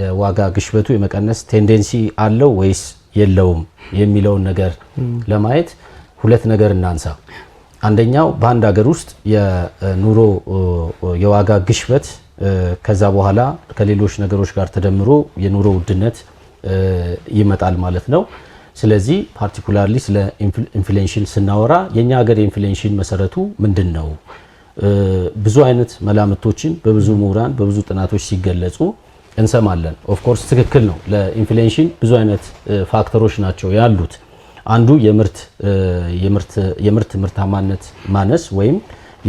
የዋጋ ግሽበቱ የመቀነስ ቴንዴንሲ አለው ወይስ የለውም የሚለውን ነገር ለማየት ሁለት ነገር እናንሳ። አንደኛው በአንድ ሀገር ውስጥ የኑሮ የዋጋ ግሽበት ከዛ በኋላ ከሌሎች ነገሮች ጋር ተደምሮ የኑሮ ውድነት ይመጣል ማለት ነው። ስለዚህ ፓርቲኩላርሊ ስለ ኢንፍሌንሽን ስናወራ የእኛ ሀገር የኢንፍሌሽን መሰረቱ ምንድን ነው? ብዙ አይነት መላምቶችን በብዙ ምሁራን በብዙ ጥናቶች ሲገለጹ እንሰማለን። ኦፍኮርስ ትክክል ነው። ለኢንፍሌሽን ብዙ አይነት ፋክተሮች ናቸው ያሉት። አንዱ የምርት የምርት ምርታማነት ማነስ ወይም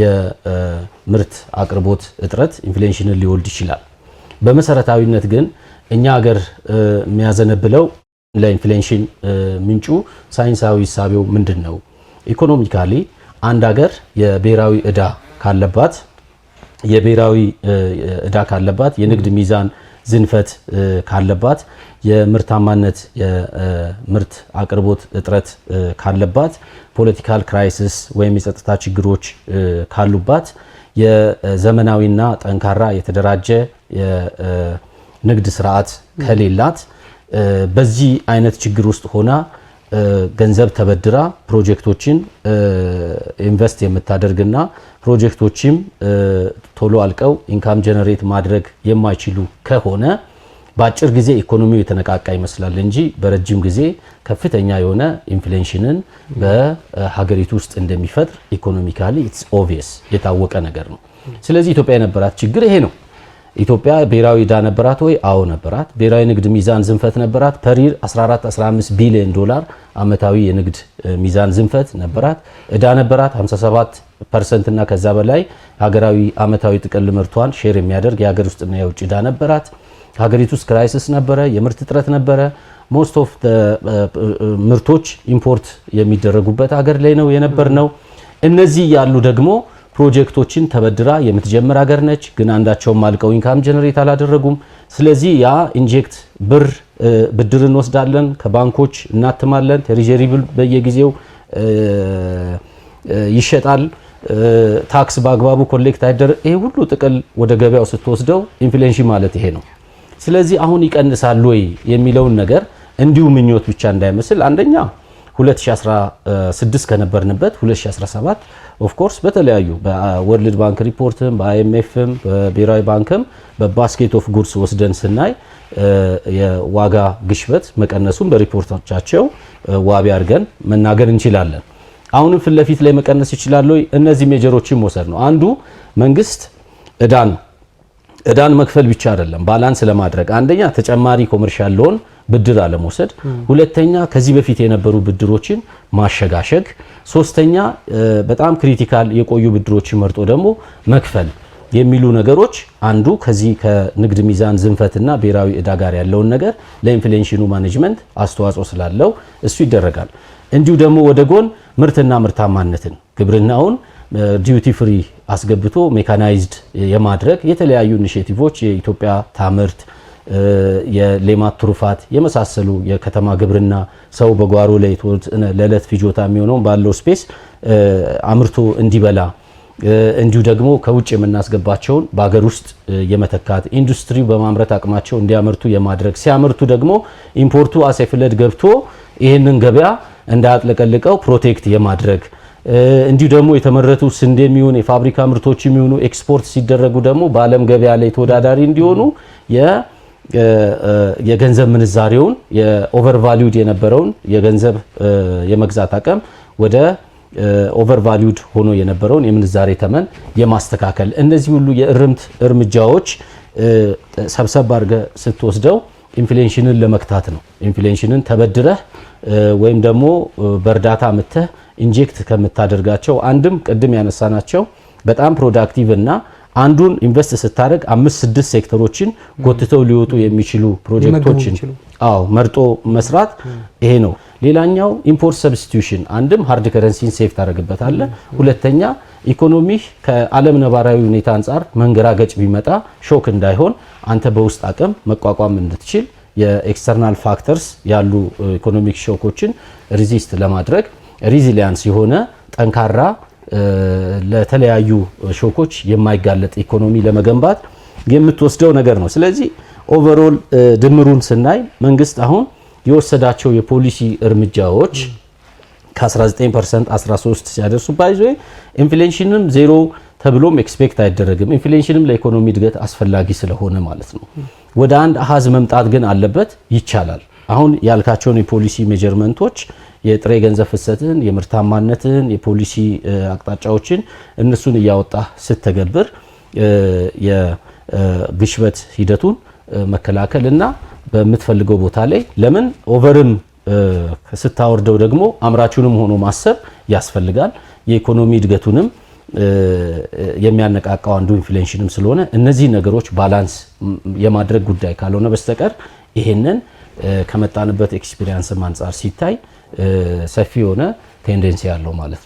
የምርት አቅርቦት እጥረት ኢንፍሌሽንን ሊወልድ ይችላል። በመሰረታዊነት ግን እኛ ሀገር የሚያዘነብለው ለኢንፍሌሽን ምንጩ ሳይንሳዊ ሳቢው ምንድን ነው? ኢኮኖሚካሊ አንድ ሀገር የብሔራዊ እዳ ካለባት የብሔራዊ እዳ ካለባት የንግድ ሚዛን ዝንፈት ካለባት፣ የምርታማነት የምርት አቅርቦት እጥረት ካለባት፣ ፖለቲካል ክራይሲስ ወይም የጸጥታ ችግሮች ካሉባት የዘመናዊና ጠንካራ የተደራጀ የንግድ ስርዓት ከሌላት በዚህ አይነት ችግር ውስጥ ሆና ገንዘብ ተበድራ ፕሮጀክቶችን ኢንቨስት የምታደርግና ፕሮጀክቶችም ቶሎ አልቀው ኢንካም ጀነሬት ማድረግ የማይችሉ ከሆነ በአጭር ጊዜ ኢኮኖሚው የተነቃቃ ይመስላል እንጂ በረጅም ጊዜ ከፍተኛ የሆነ ኢንፍሌሽንን በሀገሪቱ ውስጥ እንደሚፈጥር ኢኮኖሚካሊ ኢትስ ኦቪየስ የታወቀ ነገር ነው። ስለዚህ ኢትዮጵያ የነበራት ችግር ይሄ ነው። ኢትዮጵያ ብሔራዊ ዕዳ ነበራት ወይ? አዎ ነበራት። ብሔራዊ ንግድ ሚዛን ዝንፈት ነበራት። ፐሪር 14 15 ቢሊዮን ዶላር አመታዊ የንግድ ሚዛን ዝንፈት ነበራት። ዕዳ ነበራት 57 ፐርሰንት እና ከዛ በላይ ሀገራዊ አመታዊ ጥቅል ምርቷን ሼር የሚያደርግ የሀገር ውስጥና የውጭ ዕዳ ነበራት። ሀገሪቱ ውስጥ ክራይሲስ ነበረ፣ የምርት እጥረት ነበረ። ሞስት ኦፍ ምርቶች ኢምፖርት የሚደረጉበት ሀገር ላይ ነው የነበር ነው። እነዚህ ያሉ ደግሞ ፕሮጀክቶችን ተበድራ የምትጀምር ሀገር ነች፣ ግን አንዳቸውም አልቀው ኢንካም ጀነሬት አላደረጉም። ስለዚህ ያ ኢንጀክት ብር ብድር እንወስዳለን፣ ከባንኮች እናትማለን፣ ትሬጀሪ በየጊዜው ይሸጣል፣ ታክስ በአግባቡ ኮሌክት አይደረግ። ይሄ ሁሉ ጥቅል ወደ ገበያው ስትወስደው ኢንፍሌሽን ማለት ይሄ ነው። ስለዚህ አሁን ይቀንሳል ወይ የሚለውን ነገር እንዲሁ ምኞት ብቻ እንዳይመስል አንደኛ 2016 ከነበርንበት 2017 ኦፍኮርስ በተለያዩ በወርልድ ባንክ ሪፖርትም በአይኤምኤፍም በብሔራዊ ባንክም በባስኬት ኦፍ ጉድስ ወስደን ስናይ የዋጋ ግሽበት መቀነሱን በሪፖርቶቻቸው ዋቢ አድርገን መናገር እንችላለን። አሁንም ፊት ለፊት ላይ መቀነስ ይችላል እነዚህ ሜጀሮችን መውሰድ ነው። አንዱ መንግስት እዳን እዳን መክፈል ብቻ አይደለም፣ ባላንስ ለማድረግ አንደኛ ተጨማሪ ኮመርሻል ሎን ብድር አለመውሰድ፣ ሁለተኛ ከዚህ በፊት የነበሩ ብድሮችን ማሸጋሸግ፣ ሶስተኛ በጣም ክሪቲካል የቆዩ ብድሮችን መርጦ ደግሞ መክፈል የሚሉ ነገሮች አንዱ ከዚህ ከንግድ ሚዛን ዝንፈትና ብሔራዊ እዳ ጋር ያለውን ነገር ለኢንፍሌሽኑ ማኔጅመንት አስተዋጽኦ ስላለው እሱ ይደረጋል። እንዲሁ ደግሞ ወደ ጎን ምርትና ምርታማነትን ግብርናውን ዲዩቲ ፍሪ አስገብቶ ሜካናይዝድ የማድረግ የተለያዩ ኢኒሽቲቮች የኢትዮጵያ ታምርት የሌማት ትሩፋት የመሳሰሉ የከተማ ግብርና ሰው በጓሮ ላይ ለዕለት ፍጆታ የሚሆነውን ባለው ስፔስ አምርቶ እንዲበላ እንዲሁ ደግሞ ከውጭ የምናስገባቸውን በሀገር ውስጥ የመተካት ኢንዱስትሪ በማምረት አቅማቸው እንዲያመርቱ የማድረግ ሲያመርቱ ደግሞ ኢምፖርቱ አሴፍለድ ገብቶ ይህንን ገበያ እንዳያጥለቀልቀው ፕሮቴክት የማድረግ እንዲሁ ደግሞ የተመረቱ ስንዴ የሚሆኑ የፋብሪካ ምርቶች የሚሆኑ ኤክስፖርት ሲደረጉ ደግሞ በዓለም ገበያ ላይ ተወዳዳሪ እንዲሆኑ የገንዘብ ምንዛሬውን የኦቨር የነበረውን የገንዘብ የመግዛት አቅም ወደ ኦቨር ቫሊዩድ ሆኖ የነበረውን የምንዛሬ ተመን የማስተካከል እነዚህ ሁሉ የእርምት እርምጃዎች ሰብሰብ አድርገ ስትወስደው ኢንፍሌሽንን ለመክታት ነው። ኢንፍሌንሽንን ተበድረህ ወይም ደግሞ በእርዳታ ምተህ ኢንጀክት ከምታደርጋቸው አንድም ቅድም ያነሳናቸው በጣም ፕሮዳክቲቭ እና አንዱን ኢንቨስት ስታደርግ አምስት ስድስት ሴክተሮችን ጎትተው ሊወጡ የሚችሉ ፕሮጀክቶችን አዎ መርጦ መስራት ይሄ ነው። ሌላኛው ኢምፖርት ሰብስቲቱሽን አንድም ሃርድ ከረንሲን ሴፍ ታደርግበታለ። ሁለተኛ ኢኮኖሚ ከዓለም ነባራዊ ሁኔታ አንጻር መንገራገጭ ቢመጣ ሾክ እንዳይሆን አንተ በውስጥ አቅም መቋቋም እንድትችል የኤክስተርናል ፋክተርስ ያሉ ኢኮኖሚክ ሾኮችን ሪዚስት ለማድረግ ሪዚሊያንስ የሆነ ጠንካራ ለተለያዩ ሾኮች የማይጋለጥ ኢኮኖሚ ለመገንባት የምትወስደው ነገር ነው። ስለዚህ ኦቨሮል ድምሩን ስናይ መንግስት አሁን የወሰዳቸው የፖሊሲ እርምጃዎች ከ19 ፐርሰንት 13 ሲያደርሱ ባይዞ ኢንፍሌሽንም ዜሮ ተብሎም ኤክስፔክት አይደረግም። ኢንፍሌሽንም ለኢኮኖሚ እድገት አስፈላጊ ስለሆነ ማለት ነው። ወደ አንድ አሃዝ መምጣት ግን አለበት። ይቻላል። አሁን ያልካቸውን የፖሊሲ ሜጀርመንቶች የጥሬ ገንዘብ ፍሰትን፣ የምርታማነትን፣ የፖሊሲ አቅጣጫዎችን እነሱን እያወጣ ስትተገብር የግሽበት ሂደቱን መከላከል እና በምትፈልገው ቦታ ላይ ለምን ኦቨርም ስታወርደው ደግሞ አምራቹንም ሆኖ ማሰብ ያስፈልጋል። የኢኮኖሚ እድገቱንም የሚያነቃቃው አንዱ ኢንፍሌንሽንም ስለሆነ እነዚህ ነገሮች ባላንስ የማድረግ ጉዳይ ካልሆነ በስተቀር ይሄንን ከመጣንበት ኤክስፒሪየንስም አንጻር ሲታይ ሰፊ የሆነ ቴንደንሲ ያለው ማለት ነው።